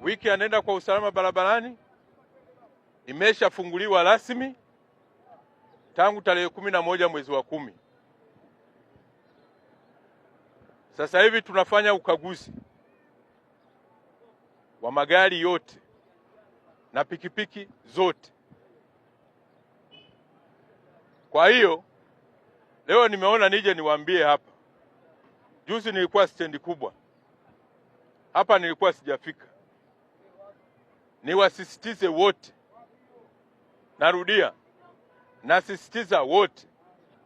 Wiki anaenda kwa usalama barabarani imeshafunguliwa rasmi tangu tarehe kumi na moja mwezi wa kumi. Sasa hivi tunafanya ukaguzi wa magari yote na pikipiki zote. Kwa hiyo leo nimeona nije niwaambie hapa. Juzi nilikuwa stendi kubwa hapa, nilikuwa sijafika niwasisitize wote, narudia, nasisitiza wote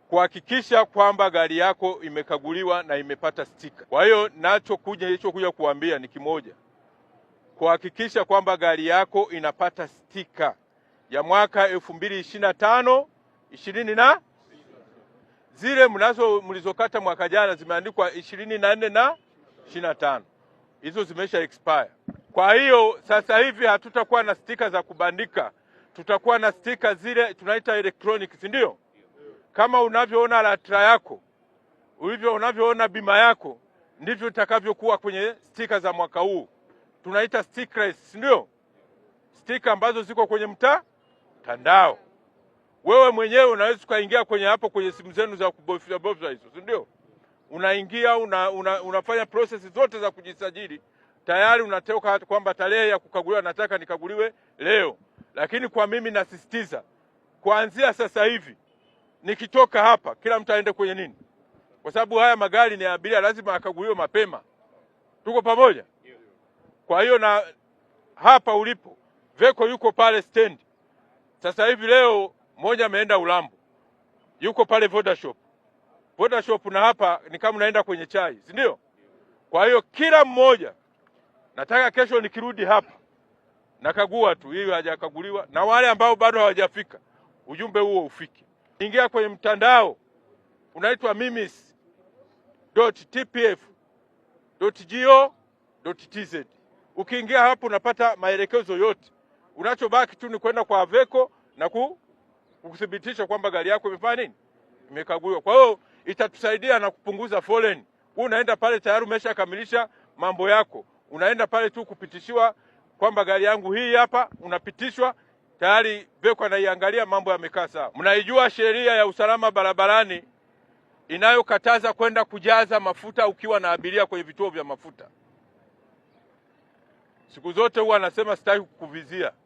kuhakikisha kwamba gari yako imekaguliwa na imepata stika. Kwa hiyo nachokuja nilichokuja kuambia ni kimoja, kuhakikisha kwamba gari yako inapata stika ya mwaka elfu mbili ishirini na tano ishirini na zile mnazo mlizokata mwaka jana zimeandikwa ishirini na nne na ishirini na tano hizo zimesha expire. Kwa hiyo sasa hivi hatutakuwa na stika za kubandika, tutakuwa na stika zile tunaita electronic, si ndio? Kama unavyoona LATRA yako ulivyo, unavyoona bima yako ndivyo itakavyokuwa kwenye stika za mwaka huu, tunaita stickers, si ndio? Stika ambazo ziko kwenye mtandao. Wewe mwenyewe unaweza ukaingia kwenye hapo kwenye simu zenu za kubofya bofya hizo, si ndio? Unaingia una, una, unafanya prosesi zote za kujisajili tayari unatoka kwamba tarehe ya kukaguliwa nataka nikaguliwe leo. Lakini kwa mimi nasisitiza kuanzia sasa hivi nikitoka hapa, kila mtu aende kwenye nini, kwa sababu haya magari ni ya abiria, lazima akaguliwe mapema. Tuko pamoja? Kwa hiyo na hapa ulipo Veko yuko pale stendi sasa hivi. Leo mmoja ameenda Ulambo, yuko pale Voda Shop. Voda Shop na hapa ni kama unaenda kwenye chai, si ndio? Kwa hiyo kila mmoja Nataka kesho nikirudi hapa nakagua tu, hiyo hajakaguliwa, na wale ambao bado hawajafika ujumbe huo ufike. Ingia kwenye mtandao unaitwa mimis.tpf.go.tz. Ukiingia hapo unapata maelekezo yote, unachobaki tu ni kwenda kwa Aveco na kuthibitisha kwamba gari yako imefanya nini, imekaguliwa. Kwa hiyo itatusaidia na kupunguza foleni. Unaenda pale tayari umeshakamilisha mambo yako unaenda pale tu kupitishiwa kwamba gari yangu hii hapa, unapitishwa tayari, VECO anaiangalia, mambo yamekaa sawa. Mnaijua sheria ya usalama barabarani inayokataza kwenda kujaza mafuta ukiwa na abiria kwenye vituo vya mafuta. Siku zote huwa anasema sitaki kukuvizia.